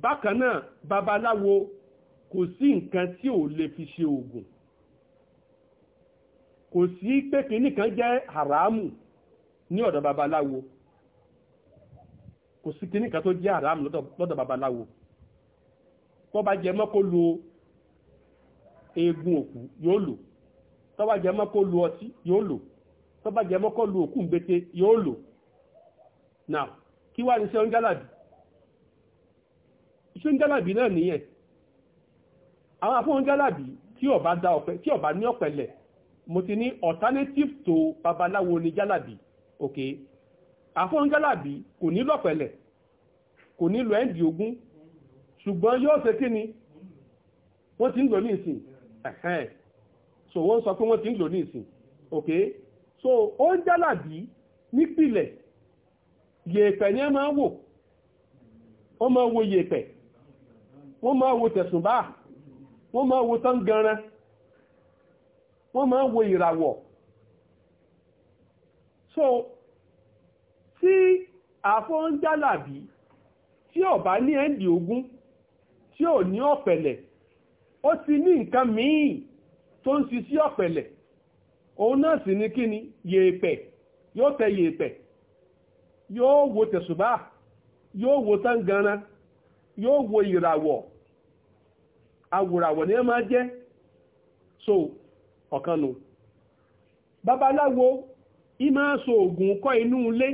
bákan náà babaláwo kò sí nǹkan tí ò lè fi ṣe oògùn kò sí pé kìíní jẹ́ haramu ní ọ̀dọ̀ babaláwo kò sí kìíní kan tó jẹ́ haramu lọ́dọ̀ babaláwo tó bá jẹ mọ́ kó lo eegun òkú yóò lò tó bá jẹ mọ́ kó lo ọtí yóò lò tó bá jẹ mọ́ kó lo òkú gbete yóò lò now kí wá ní sí ọ́njálàbí ṣé ń jálàbí náà nìyẹn àwọn afọ́n jálàbí tí ó bá dá ọ̀pẹ tí ó ní ọ̀pẹ̀lẹ̀ mo ti ní alternative to babaláwo ni jálàbí ok afọ́n jálàbí kò ní lọ̀pẹ̀lẹ̀ kò ní lọ ẹ́ndì ogún ṣùgbọ́n yóò ṣe kí ni wọ́n ti ń lò ní ìsìn ẹ̀hẹ́n so wọ́n sọ pé wọ́n ti ń lò ní ìsìn ok so ó ń jálàbí nípìlẹ̀ yèèpẹ̀ ni ẹ máa ń wò ó máa ń wo yèèpẹ̀ wọ́n máa wo tẹ̀sùnbá wọ́n máa wo tán ganran wọ́n máa wo ìràwọ̀ so tí àfọ́njálàbí tí ò bá ní ẹ̀ndì ogún tí ò ní ọ̀pẹ̀lẹ̀ ó ti ní nǹkan míì tó ń si sí ọ̀pẹ̀lẹ̀ òun náà sì ní kíni yèèpẹ̀ yóò tẹ yèèpẹ̀ yóò wo tẹ̀sùbá yóò wo tán ganran yóò wo ìràwọ̀ awòràwọ̀ ní ẹ máa jẹ́ so ọ̀kan nù babaláwo ìmá so ògùn kọ́ inú ilé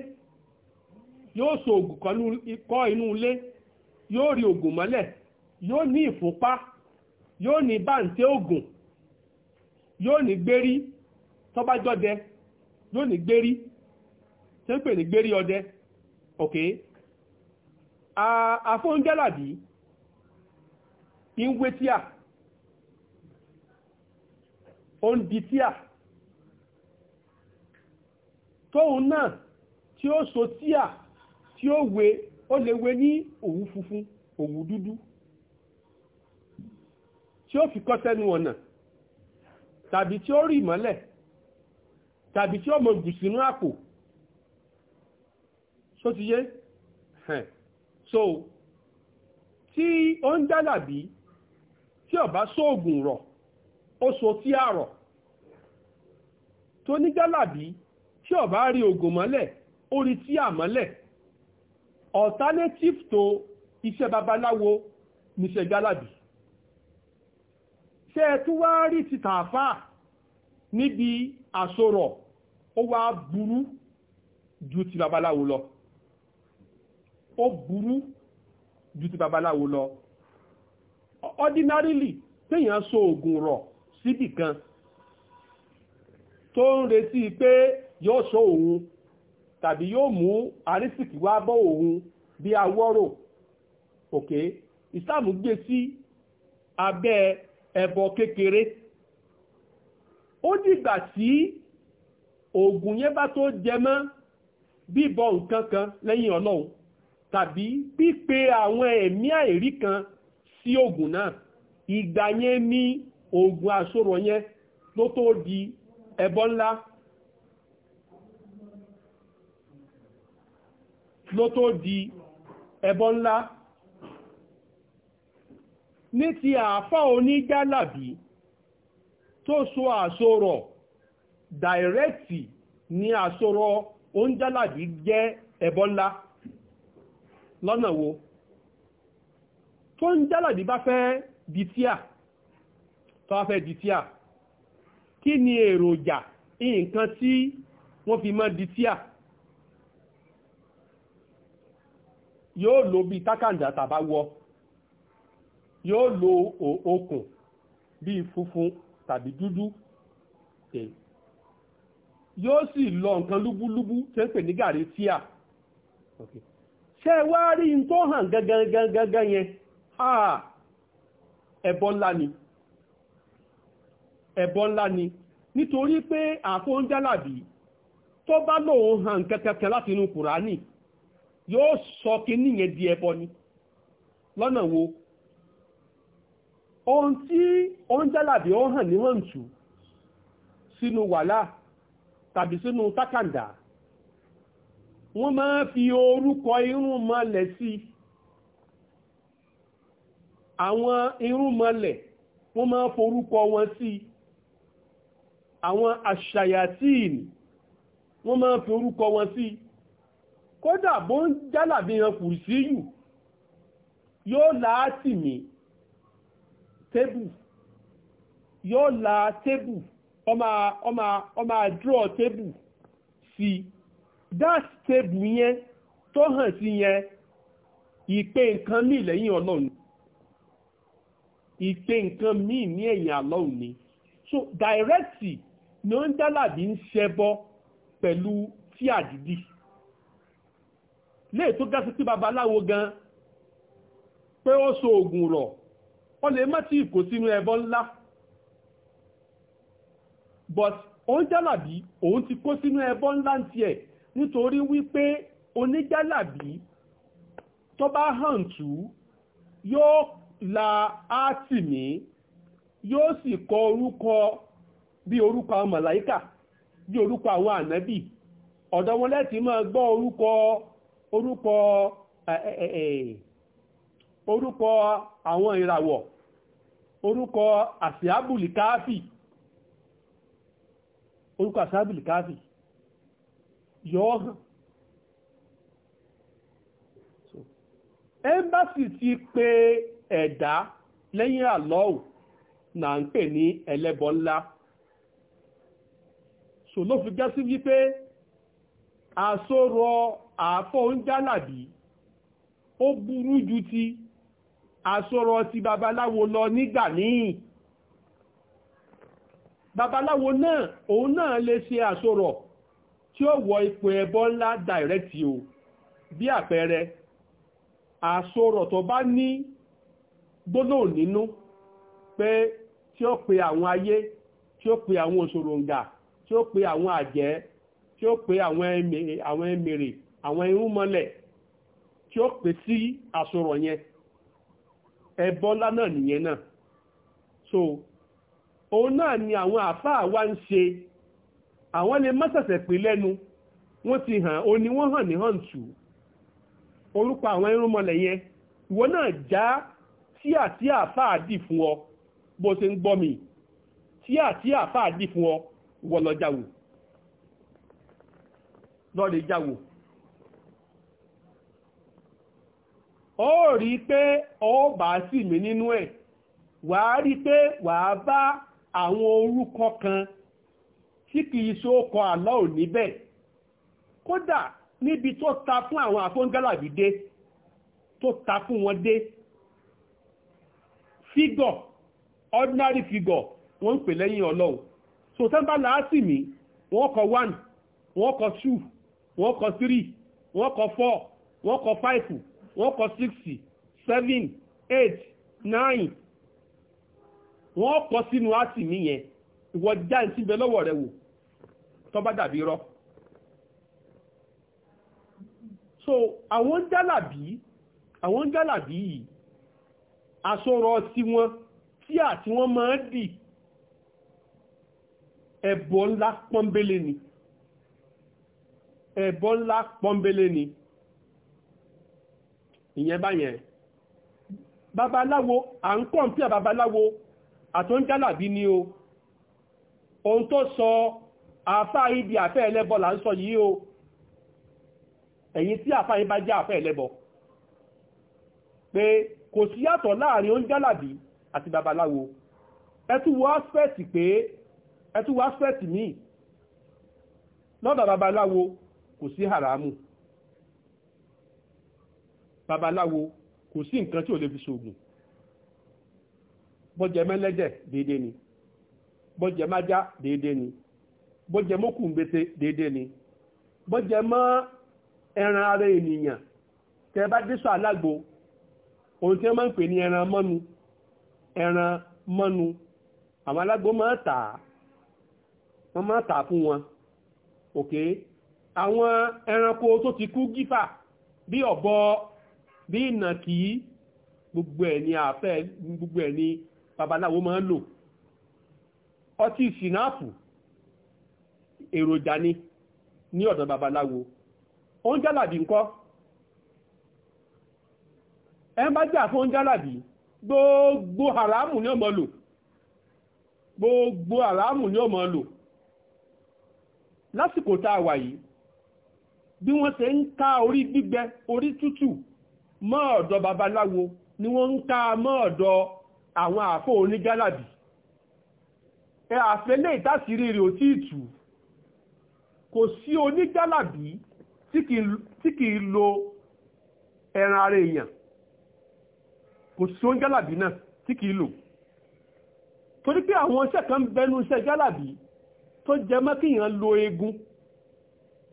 yóò so ògùn kọ́ inú ilé yóò rí ògùn mọ́lẹ̀ yóò ní ìfúnpá yóò ní báǹtẹ́ ògùn yóò ní gbérí tọ́bájọ́dẹ yóò ní gbérí tí ó gberi ní gbérí ọdẹ okay àfóúnjẹ́làbí Ingwe wé tíà ó ń di tíà tóun náà tí ó so tíà tí ó wé ó lè wé ní òwú funfun òwú dúdú tí ó fi kọ́ ọ̀nà tàbí tí ó rí ìmọ́lẹ̀ tàbí tí ó mọ̀ jù àpò só ti yé so tí ó ń dálàbí tí ọba sóògùn rọ̀ ó so tí àrọ̀ tó ní gálàbí tí ọba rí ògùn mọ́lẹ̀ ó rí tí àmọ́lẹ̀ alternative to iṣẹ́ babaláwo níṣẹ́ gálàbí ṣe tún wá rí ti tààfà níbi àsorọ̀ ó wá burú ju ti babaláwo lọ ó burú ju ti babaláwo lọ ordinarily téèyàn so oògùn rọ̀ síbì kan tó ń retí pé yóò so òun tàbí yóò mú àrísìkì wá bọ́ òun bí awọ́rò òkè Islam gbé sí abẹ́ ẹbọ kékeré ó dìgbà tí oògùn yẹn bá tó jẹ bíbọ nǹkan kan lẹ́yìn Ọlọ́run tàbí pípe àwọn ẹ̀mí àìrí kan sí ogun náà ìgbà yẹn ní oògùn àṣòro yẹn tó di tó di ẹbọ ńlá ní ti àáfà tó so àṣòro dàírẹ́tì ni àṣòro oúnjálàbí jẹ́ ẹbọ ńlá lọ́nà wo tó ń jálàbí bá fẹ́ di tíà tó bá fẹ́ di tíà kí ni èròjà nǹkan tí wọ́n fi máa di tíà yóò lo bí tákàndá tàbá wọ yóò lo okùn bí funfun tàbí dúdú yóò sì lọ nǹkan lúbúlúbú tí ń pè ní gàrí tíà ṣe wá rí n tó hàn gangan gangan yẹn ah ẹbọ ńlá ni ẹbọ ńlá ni nítorí pé àfóúnjálàbí tó bá lóun hàn kẹkẹkẹ láti inú kùránì yóò sọ kíní yẹn di ẹbọ ni lọ́nà wo ohun tí oúnjálàbí ó hàn ní hàntù sínú wàlá tàbí sínú tákàndá wọ́n máa fi orúkọ irun mọ́lẹ̀ sí i àwọn irúmọlẹ̀ wọ́n máa ń forúkọ wọn sí àwọn àṣàyàtíìn wọ́n máa ń fi orúkọ wọn sí kódà bó ń jálàbí yan kù sí yù yóò láàtì mí tébù yóò la tébù ọmọ ọmọ draw tébù sí that tébù yẹn tó hàn sí yẹn ìpè nǹkan mí lẹ́yìn ọlọ́run ìpè nǹkan míì ní ẹ̀yìn àlọ́hùn ni so dàírẹ́tì ni ó ń dálàbí ń ṣẹbọ pẹ̀lú tí àdìdì léè tó gá sí sí babaláwo gan pé ó so oògùn rọ̀ ó lè má tí ìkó sínú ẹbọ ńlá but oníjálàbí òun ti kó sínú ẹbọ ńlá ń tiẹ̀ nítorí wípé oníjálàbí tó bá hàn tú yóò la átìmí yóò sì kọ orúkọ bí orúkọ àwọn màláíkà bí orúkọ àwọn ànábì ọ̀dọ̀ wọn lẹ́tì máa gbọ́ orúkọ orúkọ orúkọ àwọn ìràwọ̀ orúkọ àṣíábùlì káàfì orúkọ àṣíábùlì káàfì yọ́ hàn embassy ti pé ẹ̀dá lẹ́yìn àlọ́ọ̀ na ń pè ní ẹlẹ́bọ ńlá sò ló fi jásí wípé àsọ̀rọ̀ àfọ́ oúnjálàbí ó burú ju ti àsọ̀rọ̀ ti babaláwo lọ nígbà míì babaláwo náà òun náà lè ṣe àsọ̀rọ̀ tí ó wọ ipò ẹbọ ńlá dàírẹ́tì o bí àpẹẹrẹ àsọ̀rọ̀ tó bá ní gbólóhùn nínú pé tí ó pe àwọn ayé tí ó pe àwọn òṣòròǹgà tí ó pe àwọn àjẹ́ tí ó pe àwọn ẹ̀mẹ̀rẹ̀ àwọn irúnmọlẹ̀ tí ó pè sí àsọ̀rọ̀ yẹn ẹbọ ńlá so òun náà ni àwọn àfáà wá ń ṣe àwọn lè mọ́sẹ̀sẹ̀ pè lẹ́nu wọ́n ti hàn ó ní wọ́n hàn ní hàn tù orúkọ àwọn yẹn ìwọ tí àti àfáà dì fún ọ bó ṣe ń gbọ́ mi tí àti àfáà dì fún ọ wọ́n lọ jáwò lọ́rẹ̀ jáwò ó rí pé ọ bá sì mí nínú ẹ̀ wàá rí pé wàá bá àwọn orúkọ kan tí kìí ṣe ó kọ àlọ́ ò níbẹ̀ kódà níbi tó ta fún àwọn àfóńgálàbí dé tó ta fún wọn dé figure ordinary figure wọ́n ń pè lẹ́yìn ọlọ́run so tẹ́ńbà láásì mi wọ́n kọ one wọ́n kọ two wọ́n kọ three wọ́n kọ four wọ́n kọ five wọ́n kọ six seven eight nine wọ́n kọ sínú áàsì mi yẹn ìwọ já ń síbẹ̀ lọ́wọ́ rẹ wò tó bá dàbí bii so àwọn jálàbí àwọn jálàbí yìí asọ́rọ̀ tí wọ́n tí àti wọ́n máa dì ẹ̀bọ ńlá pọ́nbélé ni ẹ̀bọ ńlá pọ́nbélé ni ìyẹn báyẹn babaláwo à ń kọ́ pí àbabaláwo àtọ́njálàbí ni o ohun tó sọ àfá ibi àfẹ́ ẹlẹ́bọ là ń sọ yìí o ẹ̀yin tí àfá ibá jẹ́ àfẹ́ ẹlẹ́bọ pé kò sí yàtọ̀ láàrin oúnjẹ́làbí àti babaláwo ẹtúwò aspect pé ẹtúwò aspect míì lọ́dọ̀ babaláwo kò sí haramu babaláwo kò sí nǹkan tí ò lè fi ṣoògùn bọ́jẹ mẹ́lẹ́dẹ̀ déédé ni bọ́jẹ májá déédé ni bọ́jẹ mọ́kùnbété déédé ni bọ́jẹ mọ́ ẹran ara ènìyàn tẹ́ bá dé sọ alágbo ohun tí wọ́n máa ń pè ní ẹran mọ́nu ẹran mọ́nu àwọn alágbó máa tà á wọ́n máa tà á fún wọn òkè àwọn ẹranko tó ti kú gífà bí ọ̀bọ bí ìnàkí gbogbo ẹ̀ ni àfẹ́ gbogbo ẹ̀ ni babaláwo máa ń lò ọtí sinapu èròjà ni ní ọ̀dọ̀ babaláwo oúnjẹ àlàbí ńkọ́ e bá jà fún jálàbí gbogbo haramu ni ó mọ lò gbogbo haramu ni ó mọ lò lásìkò tá a wà yìí bí wọ́n ṣe ń ká orí gbígbẹ orí tútù ni wọn ń ká mọ́ ọ̀dọ̀ àwọn àfó ẹ ìtàsírí ò tí kò sí tí lo ẹran ara kò sí oún jálàbí náà tí kìí lò torí pé àwọn iṣẹ́ kan bẹnu iṣẹ́ jálàbí tó jẹ mọ́ kíyàn lo eegun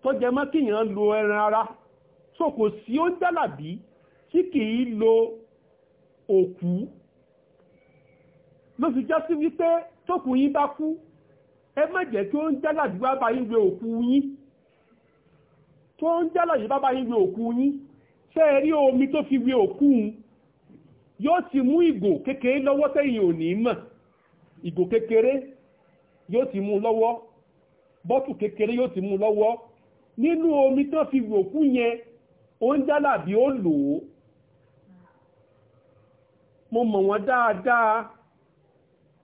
tó jẹ mọ́ kíyàn lo ẹran ara so kò sí oún jálàbí tí kìí lo òkú ló fi já sí wípé tókù yín bá kú ẹ má jẹ́ kí oún jálàbí wá bá yín lo òkú yín tó ń jálàbí bá bá yín lo òkú yín ṣé ẹ rí omi tó fi wé òkú yín yóò ti mú ìgò kékeré lọ́wọ́ tẹ̀yìn ò ní mọ̀ ìgò kékeré yóò ti mú lọ́wọ́ bọ́tù kékeré yóò ti mú lọ́wọ́ nínú omi tó fi wòkú yẹn ó ń jálàbí ó lò ó mo mọ̀ wọ́n dáadáa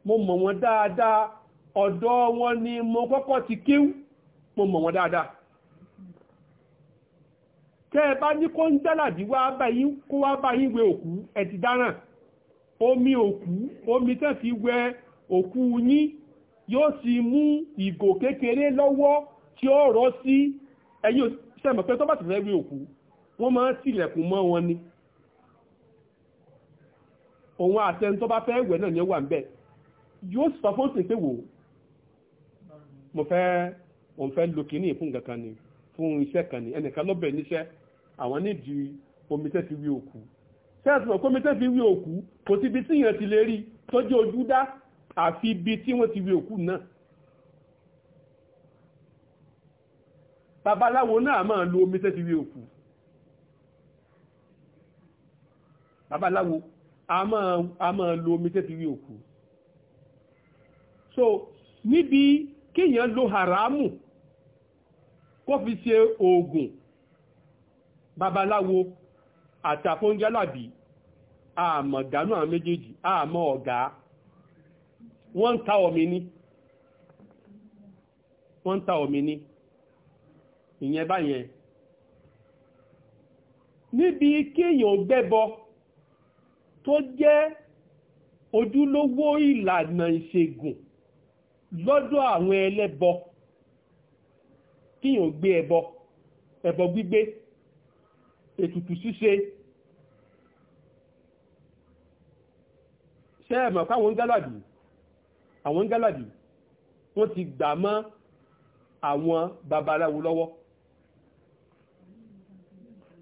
mo mọ̀ wọ́n dáadáa ọ̀dọ̀ wọn ni mo kọ́kọ́ ti kíw mo mọ̀ wọ́n dáadáa tẹ́ ẹ bá ní kó ń jálàbí wá báyìí kó wá báyìí wẹ òkú ẹ ti dáràn omi òkú omi tẹ́ fi wẹ òkú yín yóò sì mú ìgò kékeré lọ́wọ́ tí ó rọ́ sí ẹ̀yìn sẹ́mọ̀ pé tó bá ti fẹ́ òkú wọ́n máa ń sílẹ̀kùn mọ́ wọn ni òun àtẹni tó bá fẹ́ wẹ̀ náà ni ó wà ń bẹ̀ yóò sọ fún sí fún ni iṣẹ́ kan ni ẹnìkan ló níṣẹ́ àwọn nídìí omi tẹ́ fi wí òkú sẹ́ẹ̀sìmọ̀ kómi tẹ́ fi wí òkú kò síbi tí yẹn ti lè rí tọ́jú ojú dá àfi ibi tí wọ́n ti wí òkú náà babaláwo náà máa lo omi tẹ́ fi wí òkú babaláwo a máa lo omi tẹ́ fi wí òkú so níbi kéèyàn lo haramu kó fi ṣe oògùn babaláwo àtàfóúnjálàbí àmọ̀ dánú àwọn méjèèjì àmọ́ ọ̀gá wọ́n ń ta ọ̀mí ní wọ́n ń ta ọ̀mí ní ìyẹn báyẹn níbi kéèyàn gbẹ́bọ tó jẹ́ ojúlówó ìlànà ìṣègùn lọ́dọ̀ àwọn ẹlẹ́bọ kíyàn gbé ẹbọ ẹbọ gbígbé ètùtù ṣíṣe ṣe é mọ̀ káwọn gálàdì àwọn gálàdì wọ́n ti gbà mọ́ àwọn babaláwo lọ́wọ́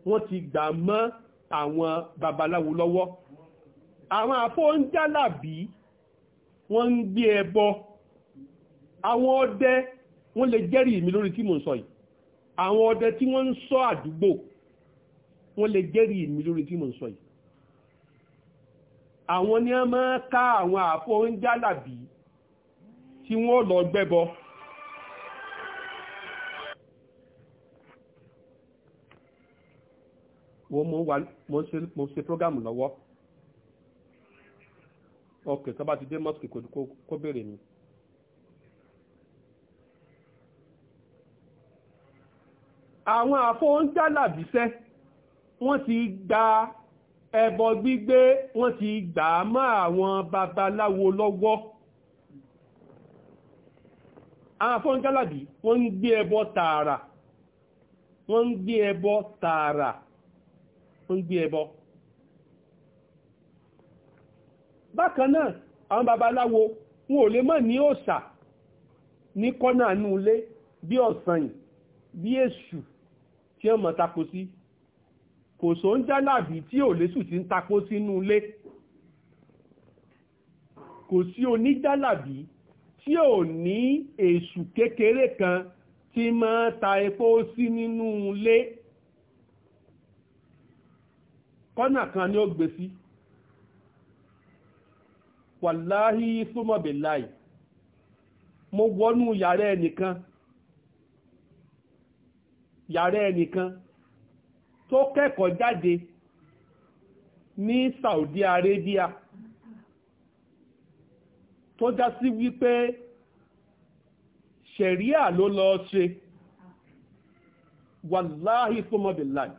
wọ́n ti gbà mọ́ àwọn babaláwo lọ́wọ́ àwọn àfọ́ ń jálàbí wọ́n ń gbé ẹbọ àwọn ọdẹ wọ́n lè jẹ́rìí mi lórí tí mò ń sọ yìí àwọn ọdẹ tí wọ́n ń ṣọ́ àdúgbò wọ́n lè jẹ́rìí mi lórí tí mo sọ yìí àwọn ni a máa ká àwọn àfọ oúnjẹ àlàbí tí wọ́n lọ gbẹ́bọ wọ́n mọ́ wà mọ́ ṣe prógámù lọ́wọ́ ọkẹ̀ tó bá ti dé mọ́sùkì kó bèèrè mi àwọn àfọ́ ń jálàbíṣẹ́ wọ́n ti gba ẹbọ gbígbé wọ́n ti gbà á mọ́ àwọn babaláwo lọ́wọ́ àwọn afọ́ngálàbí wọ́n ń gbé ẹbọ tààrà wọ́n ń gbé ẹbọ tààrà wọ́n ń gbé ẹbọ bákan náà àwọn babaláwo wọn ò lè mọ́ ní òòṣà ní kọ́nà àánú ilé bí ọ̀sàn bí èṣù tí wọ́n mọ̀ tako sí kò só ń jálàbí tí ò lésù ti ń takó sínú ilé kò sí oníjálàbí tí ò ní èṣù kékeré kan tí máa ta epo sí nínú ilé kọ́nà kan ni ó gbé sí wàláhí súnmọ̀bẹ̀láì mo wọnú yàrá ẹnìkan yàrá ẹnìkan tó kẹ́kọ̀ọ́ jáde ní Saudi Arabia tó já sí wípé ṣẹ̀ríà ló lọ ṣe wàláhì tó mọ́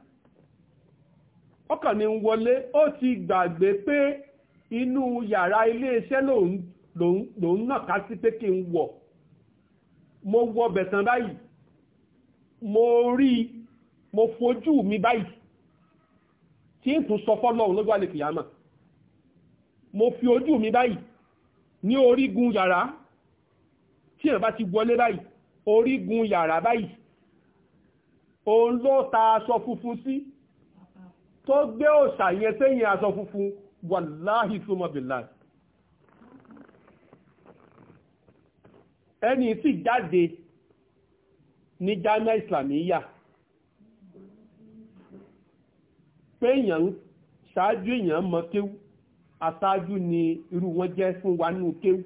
ọkàn ni ń wọlé ó ti gbàgbé pé inú yàrá iléeṣẹ́ lòun náà ká sí pé kí n wọ̀ mo wọ bẹ̀tàn báyìí mo rí mo fojú mi báyìí tí n tún sọ fọ́lọ́run lọ́jọ́ àlè kìyàmà mo fi ojú mi báyìí ní orígun yàrá tí èèyàn bá ti wọlé báyìí orígun yàrá báyìí òun ló ta aṣọ funfun sí tó gbé òṣà yẹn sẹ́yìn aṣọ funfun wàláhì súnmọ́bìláì ẹni sì jáde ní jami'a islamiyya pé èèyàn ṣáájú èèyàn mọ kéwú aṣáájú ni irú wọn jẹ fún wa nínú kéwú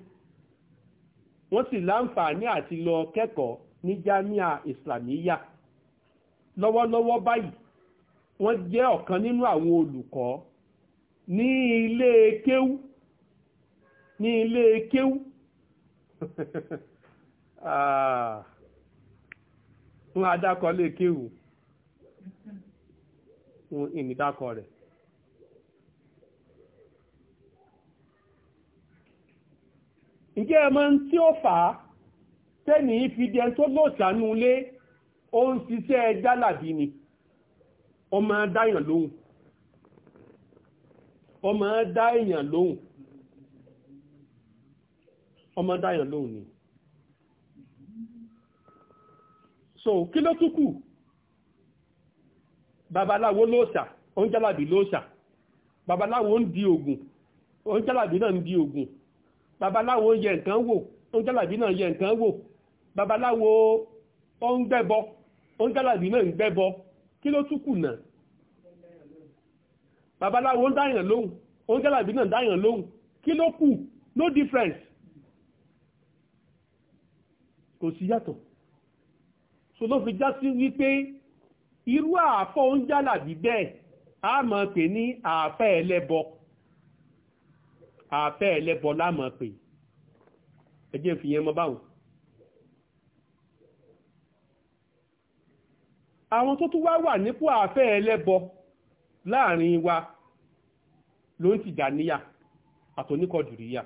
wọ́n sì láǹfààní àti lọ kẹ́kọ̀ọ́ ní jamia islamiyya lọ́wọ́lọ́wọ́ báyìí wọ́n jẹ ọ̀kan nínú àwọn olùkọ́ ní ilé kéwú ní ilé kéwú ah, kéwú. ìnídàkọ rẹ̀. ǹjẹ́ ẹ máa ń tí ó fà á tẹ́nì ìfìdí ẹni tó lóòsànú lé ó ń ṣiṣẹ́ jálàbí ni ọmọ dáyàn lóhùn ọmọ dáyàn lóhùn ọmọ dáyàn lóhùn ni so kí ló tún babaláwo lóòṣà oúnjẹ́làbí lóòṣà babaláwo ń di ògùn oúnjẹ́làbí náà ń di ògùn babaláwo yẹ nǹkan wò oúnjẹ́làbí náà yẹ nǹkan wò babaláwo ó ń gbẹ́bọ oúnjẹ́làbí náà ń gbẹ́bọ kí ló tún kù náà babaláwo ń dáyàn lóhùn oúnjẹ́làbí náà ń dáyàn lóhùn kí ló kù no difference kò sí yàtọ̀ so ló fi já sí wípé irú àáfọ́ oúnjálàbí bẹ́ẹ̀ a mọ̀ pé ní àáfẹ́ ẹlẹ́bọ àáfẹ́ ẹlẹ́bọ lámọ̀ pé ẹjẹ́ fi yẹn mọ́ báwọn àwọn tó tún wá wà nípò àáfẹ́ ẹlẹ́bọ láàrin wa ló ń tìjàníyà àtòníkọ̀dùríyà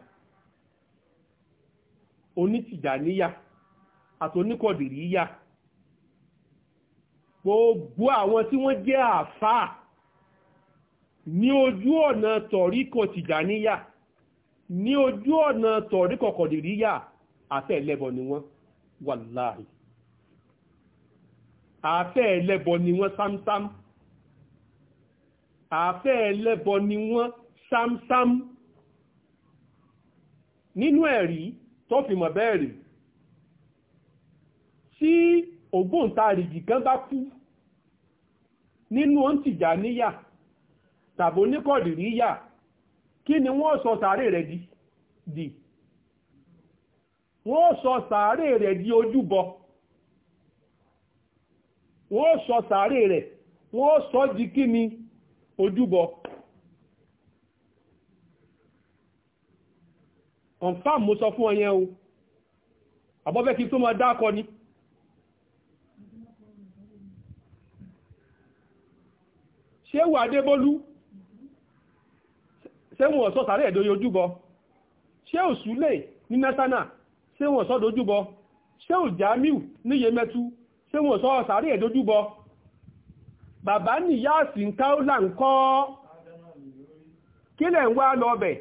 onítìjàníyà ya. gbogbo àwọn tí wọ́n jẹ́ àfáà ní ojú ọ̀nà tọ̀ríkọ̀ tìjàníyà ní ojú ọ̀nà tọ̀ríkọ̀ kọ̀dìríyà àfẹ́ ẹlẹ́bọ ni wọ́n wàláhì àfẹ́ ẹlẹ́bọ ni wọ́n sámsám àfẹ́ ẹlẹ́bọ ni wọ́n sámsám nínú ẹ̀rí tó fi mọ̀ bẹ́ẹ̀ rí tí ògbóǹtarìgì kan bá kú nínú òǹtìjà níyà tàbí oníkọ̀dìríyà kí ni wọ́n sọ sàárè rẹ̀ di di wọ́n sọ sàárè rẹ̀ di ojúbọ wọ́n sọ sàárè rẹ̀ wọ́n sọ di kí ni ojúbọ confam mo sọ fún ọyẹn o àbọ́fẹ́ kí tó máa dákọ ni. ṣéwù adébólú ṣéwù ọ̀sọ́ sàárẹ̀ ẹ̀dọ́ yojúbọ ṣéwù súlẹ̀ ní nẹ́sánà ṣéwù ọ̀sọ́ dojúbọ ṣéwù jamiu ní yemẹtu ṣéwù ọ̀sọ́ sàárẹ̀ ẹ̀dọ́júbọ bàbá nìyá àsìnkáúlà ń kọ́ kílẹ̀ ń wá lọ bẹ̀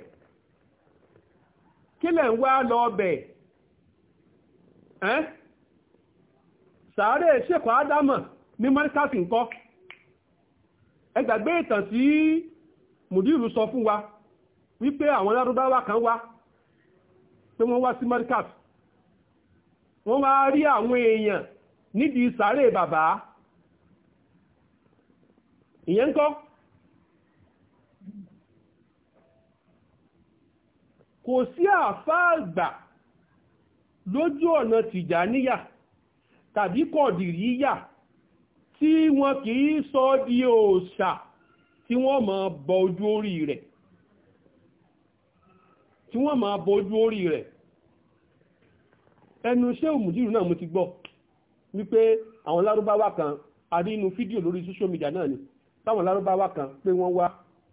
kílẹ̀ ń wá lọ bẹ̀ ẹ́ sàárẹ̀ ṣèkọ̀ ádámọ̀ ní mọ́ríkàsì ń kọ́ ẹ ìtàn tí mùdírù sọ fún wa wípé àwọn pe kan wá pé wọ́n wá sí markaz wọ́n wá rí àwọn èèyàn nídìí sàárè bàbá ìyẹn ń kọ́ kò sí àfáàgbà lójú ọ̀nà tìjàníyà tàbí tí wọn kì í sọ di òòṣà tí wọ́n máa bọ ojú orí rẹ̀ tí wọ́n máa bọ ojú orí rẹ̀ ẹnu iṣẹ́ òmùdírù náà mo ti gbọ́ wípé àwọn lárúbáwá kan a rí inú fídíò lórí social media náà ni táwọn lárúbáwá kan pé wọ́n wá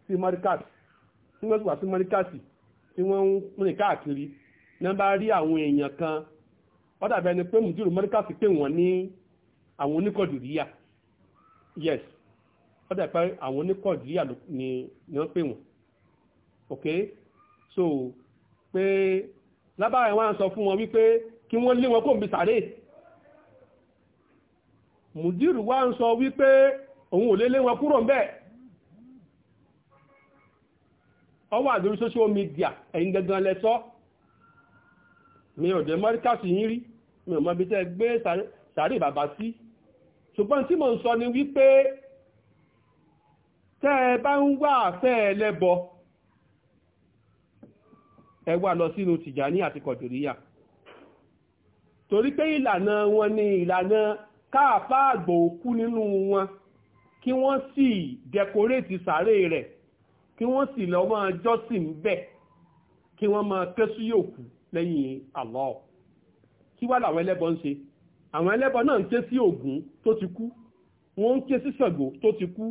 sí marikasi tí wọ́n sì wá sí marikasi tí wọ́n ń rìn káàkiri ní rí àwọn èèyàn kan ó dàbí ẹni pé mùdírù marikasi pé wọ́n ní àwọn oníkọ̀dùríyà yes ó dà pé àwọn oníkọ̀díríà ni wọ́n pè wọ́n ok so pé lábára ẹ̀ wá ń sọ fún wọn wípé kí wọ́n lé wọn kó bí sàárè mùdírù wá ń sọ wípé òun ò lé lé wọn kúrò ń bẹ́ẹ̀ ọwọ́ social media ẹ̀yin gangan lẹ́sọ́ mi ò dẹ̀ mọ́ríkàsì yín rí mi ò mọ́ bí tẹ́ gbé sàárè bàbá sí ṣùgbọ́n tí mò ń sọ ni wípé tẹ́ ẹ bá ń wá àfẹ́ ẹlẹ́bọ ẹ wá lọ sínú tìjàní àti kọ̀dùríyà torí pé ìlànà wọn ni ìlànà káàfá àgbò òkú nínú wọn kí wọ́n sì dẹkoréètì sàárè rẹ̀ kí wọ́n sì lọ máa jọ́sìn bẹ̀ kí wọ́n máa kẹ́sú yòókù lẹ́yìn Allah kí wá làwọn ẹlẹ́bọ ń ṣe àwọn ẹlẹ́bọ náà ń ké sí Ògún tó ti kú wọ́n ń ké sí Ṣàngó tó ti kú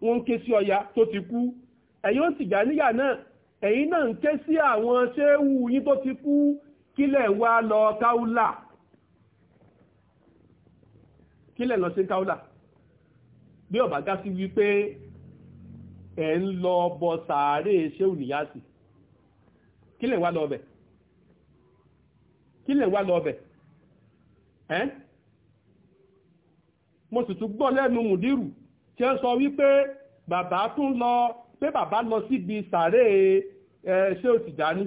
wọ́n ń ké sí Ọya tó ti kú ẹ̀yin ó sì gbà níyà náà ẹ̀yin náà ń ké sí àwọn ṣéwù yín tó ti kú kílẹ̀ wá lọ káúlà kílẹ̀ lọ sí káúlà bí ọ̀bá gá sí wípé ẹ̀ ń lọ bọ sàárè ṣéwù nìyàsì kílẹ̀ wá lọ ọbẹ̀ kílẹ̀ wá lọ ọbẹ̀ ẹ́ mo sì tún gbọ́ lẹ́nu mùdírù tí ń sọ wípé bàbá tún lọ pé bàbá lọ síbi sàárè ẹ ṣé o ti dání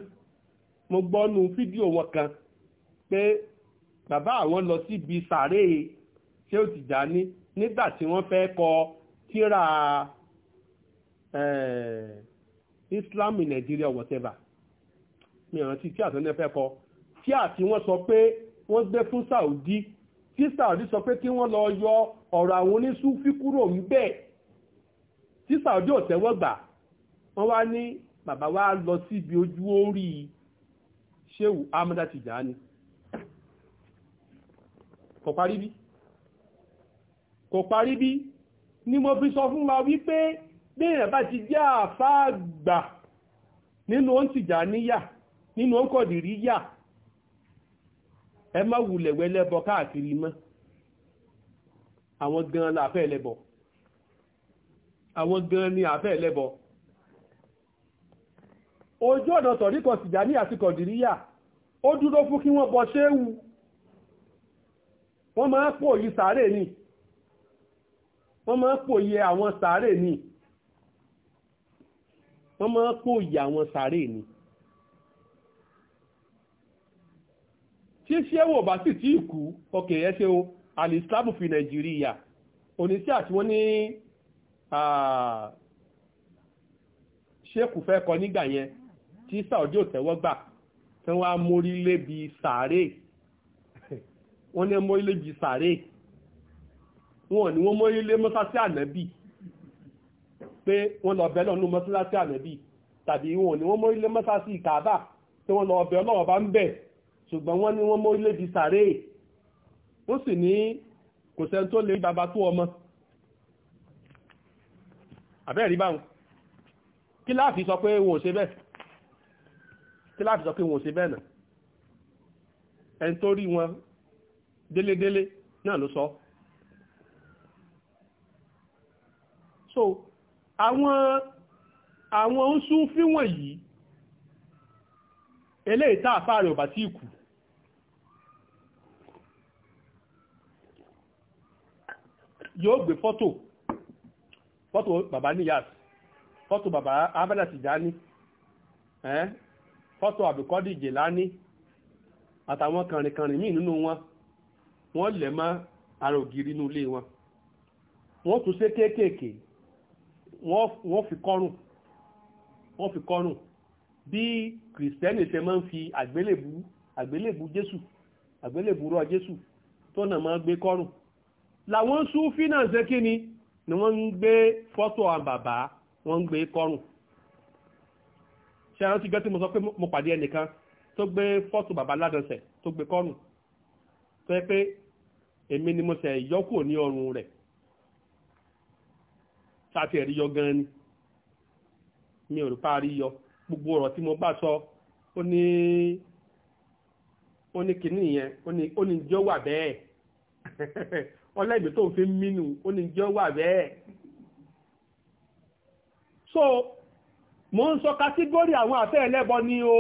mo gbọ́ nu fídíò wọn kan pé bàbá àwọn lọ síbi sàárè ṣé o ti dání nígbà tí wọ́n fẹ́ kọ tírà Islam in Nigeria whatever mi ò rántí tí àtúndẹ̀ fẹ́ kọ tí àti wọ́n sọ pé wọ́n gbé fún Saudi tí Saudi sọ pé kí wọ́n lọ yọ ọ̀rọ̀ àwọn onísúfí kúrò ń bẹ̀ tí Saudi ò tẹ́wọ́gbà wọ́n wá ní bàbá wa lọ síbi ojú orí Shehu Amada Tijani kò parí bí kò parí bí ni mo fi sọ fún wa wípé bí bá ti jẹ́ àfáàgbà nínú ó ń níyà nínú ó ń yà ẹ má lẹ́bọ káàkiri mọ́ àwọn gan la àwọn gan ni àfẹ́ lẹ́bọ ojú ọ̀nà tọ̀ríkọ̀ ní àti kọ̀dìríyà ó dúró fún kí wọ́n bọ ṣéwu wọ́n máa pò yí àwọn sàárè ni tí ṣéwò bá sì tí ìkú ọkẹ̀ ẹ ṣe o alìsílámù fi nàìjíríà oníṣẹ́ àti wọ́n ní ṣékù fẹ́ kọ nígbà yẹn tí saudi òtẹ́wọ́ gbà tí wọ́n á mórí lébi sàárè wọ́n ní mórí lébi sàárè wọ́n ní wọ́n mórí lé mọ́sáṣí ànábì pé wọ́n lọ bẹ́ẹ̀ lọ́nu mọ́sáṣí ànábì tàbí wọ́n ní wọ́n mórí lé mọ́sáṣí ìkàbà tí wọ́n lọ bẹ́ẹ̀ lọ́wọ́ bá ń bẹ́ẹ̀ ṣùgbọ́n wọ́n ní wọ́n mọ́ ilé di sàárè wọ́n sì ní kò sẹ́ni tó lè bàbá tó ọmọ àbẹ́ẹ̀rí báwọn kí láàfi sọ pé wọn ò ṣe bẹ́ẹ̀ kí láàfi sọ pé wọn ò ṣe bẹ́ẹ̀ náà ẹni tó rí wọn délédélé náà ló sọ so àwọn àwọn ń sún fíwọ̀n yìí eléyìí tá àfáà rẹ̀ ò bá tí ì kù yóò gbé fọ́tò fọ́tò bàbá níyàs fọ́tò bàbá abẹ́lẹ̀ tìjáni fọ́tò àbíkọ́dì jèlání àtàwọn kànrìnkànrìn míì nínú wọn wọ́n lẹ̀ mọ́ ara ògiri inú ilé wọn wọ́n tún ṣe kéékèèké wọ́n fi kọ́rùn wọ́n fi kọ́rùn bí kìrìsìtẹ́nì ṣe máa ń fi àgbélébù àgbélébù jésù àgbélébù rọ jésù tó náà máa gbé kọ́rùn làwọn súfí náà ṣe kí ni ni wọ́n ń gbé fọ́tò àwọn bàbá wọ́n ń gbé kọ́rùn ṣe àrántí gbẹ́ tí mo sọ pé mo pàdé ẹnìkan tó gbé fọ́tò bàbá ládọ̀sẹ̀ tó gbé kọ́rùn tó yẹ pé èmi ni mo ṣe yọkù ní ọrùn rẹ̀ sáti ẹ̀rí yọ gan ni mi ò rí parí yọ gbogbo ọ̀rọ̀ tí mo bá sọ ó ní ó ní kìnnìyẹn ó ní jọ wà bẹ́ẹ̀ wọn lẹ́gbẹ̀ẹ́ tó ń fi mínú ó ní jẹ́ wà bẹ́ẹ̀ so mo ń sọ kátígórì àwọn àfẹ́ ẹlẹ́bọ ni o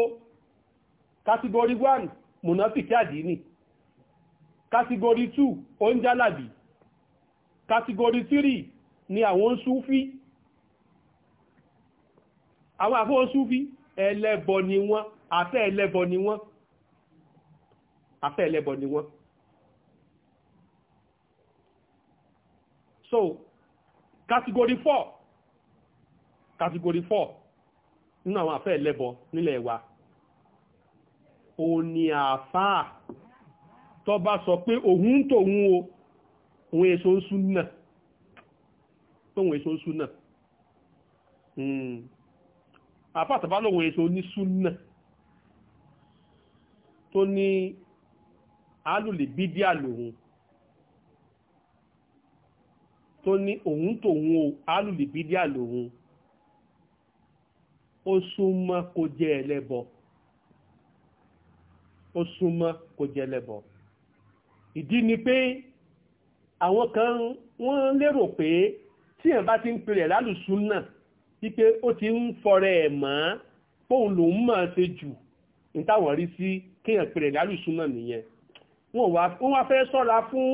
kátígórì 1 mùnáfíkì àdínì kátígórì 2 oúnjálàbì kátígórì 3 ni àwọn súfí àwọn àfẹ́ súfí ẹlẹ́bọ ni wọ́n àfẹ́ ẹlẹ́bọ ni wọ́n àfẹ́ ẹlẹ́bọ ni wọ́n so category 4 category 4 nínú àwọn àfẹ́ ẹlẹ́bọ nílẹ̀ wa o ni àfáà tó bá sọ pé òun tòun o òun èso ń sún náà tóun èso ń sún náà hmm. àfáà tó bá lóun èso ní sún náà tó ní alùlè bídíà lòun tó ní òun tòun o alùlìbídíà lòun ó súnmọ́ kó jẹ́ ẹlẹ́bọ ó súnmọ́ kó jẹ́ ẹlẹ́bọ ìdí ni pé àwọn kan wọ́n lérò pé tí èèyàn bá ti ń pèrè lálùsùn náà wípé ó ti ń fọrẹ ẹ̀ mọ́ póun lòun mọ̀ ṣe jù nítawọ̀n rí sí kéèyàn pèrè lálùsùn náà nìyẹn wọ́n wá fẹ́ sọ́ra fún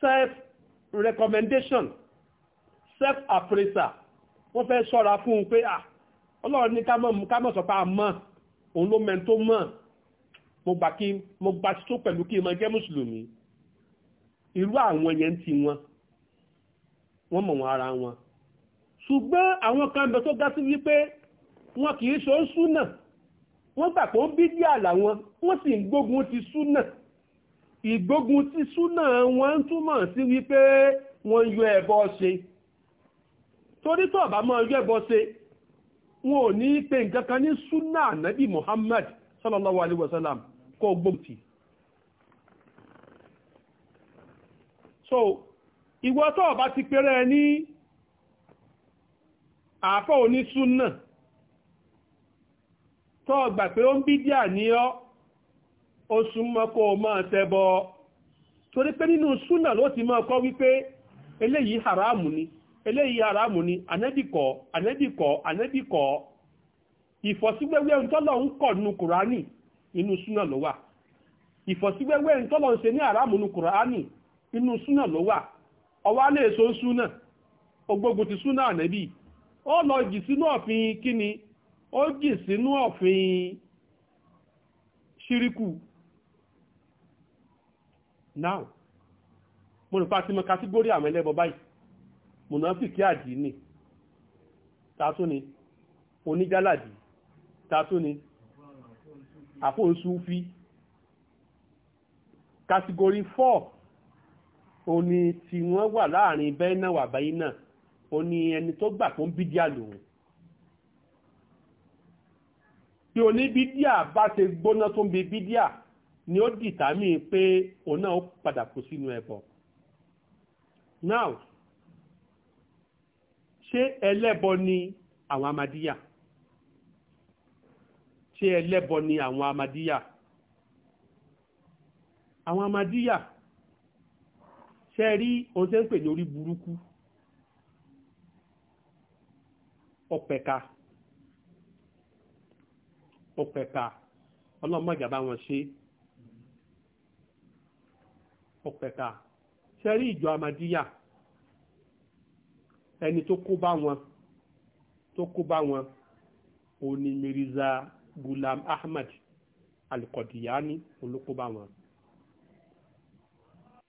self recommendation self appraisal wọ́n fẹ́ sọ́ra fún un pé à ah, ọlọ́run ní ká mọ̀ ká mọ̀ sọ pé a mọ̀ òun ló mẹ́ni tó mọ̀ mo gbà kí mo gbà tó pẹ̀lú kí n mọ jẹ́ mùsùlùmí irú àwọn yẹn ti wọn wọ́n mọ̀ wọn ara wọn ṣùgbọ́n àwọn kan bẹ tó ga sí wípé wọn kì í ṣe ó súnà wọ́n gbà pé ó bídíà làwọn wọ́n sì ń gbógun ti súnà ìgbógun ti súnà wọn ń túmọ̀ sí wípé wọ́n yọ ẹbọ ṣe torí tó bá máa yọ ẹbọ ṣe wọn ò ní pe nǹkan kan ní súnà ànábì Muhammad sallallahu alaihi wasallam kó gbógun tì so ìwọ tó bá ti pèrè ní àáfà onísúnà tó gbà pé ó ń bídíà ní ọ́ oṣù súnmọ́ kó o máa tẹ́bọ torí pé nínú súnà ló ti máa kọ́ wípé eléyìí haramu ni eléyìí haramu ni anẹ́bìkọ́ anẹ́bìkọ́ anẹ́bìkọ́ ìfọ̀síwẹ́wẹ́ ntọ́lọ̀ ń kọ̀ nínú kùránì inú súnà ló wà ìfọ̀síwẹ́wẹ́ ntọ́lọ̀ ń ṣe ní haramu nínú kùránì inú súnà ló wà ọwá lè so súnà ogbogbo ti súnà ànẹ́bì ó lọ jì sínú ọ̀fin kíni ó jì sínú ọ̀fin ṣíríkù now mo rò pa ti mọ kátígórì àwọn ẹlẹ́bọ báyìí mùnàfíkì àdínì tààtún ni oníjálàdì tààtún ni àfóǹsúfí kátígórì 4 ó ní tí wọ́n wà láàrin bẹ́ẹ̀nà wà báyìí náà ó ní ẹni tó gbà fún bídíà lòun tí oníbídíà bá ṣe gbóná tó ń bi bídíà ni ó dìtàmì pé òun náà padà kú sínú ẹbọ now ṣé ẹlẹ́bọ ni àwọn amadíyà ṣé ẹlẹ́bọ ni àwọn amadíyà àwọn amadíyà ṣe rí ohun tẹ́ ń pè ní orí burúkú ọ̀pẹ̀ka ọ̀pẹ̀ka ọlọ́mọ ìjàmbá wọn ṣe ọ̀pẹ̀ka sẹ́rí ìjọ amadíyà ẹni tó kó bá wọn tó kó bá wọn òní Gulam Ahmad Al-Qadiani olókó bá wọn.